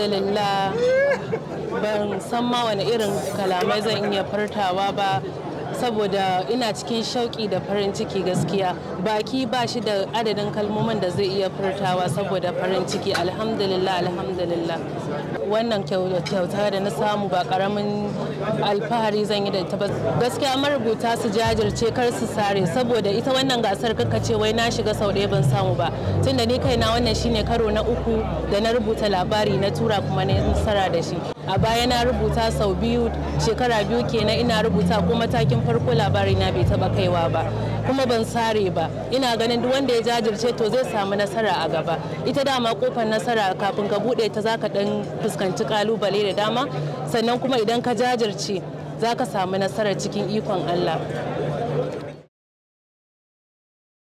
alhamdulillah ban san ma wani irin kalamai zan iya furtawa ba saboda ina cikin shauƙi da farin ciki gaskiya baki ba shi da adadin kalmomin da zai iya furtawa saboda farin ciki alhamdulillah alhamdulillah wannan kyauta da na samu ba karamin alfahari zan yi da ta gaskiya marubuta su jajirce kar su sare saboda ita wannan gasar kaka ce wai na shiga sau ɗaya ban samu ba tunda ni kaina wannan shine karo na uku da na rubuta labari na tura kuma na nasara da shi a baya na rubuta sau biyu shekara biyu kenan ina rubuta ko matakin tun farko labari na bai taba kaiwa ba kuma ban sare ba ina ganin duk wanda ya jajirce to zai samu nasara a gaba ita dama kofar nasara kafin ka bude ta zaka dan fuskanci kalubale da dama sannan kuma idan ka jajirce zaka samu nasara cikin ikon Allah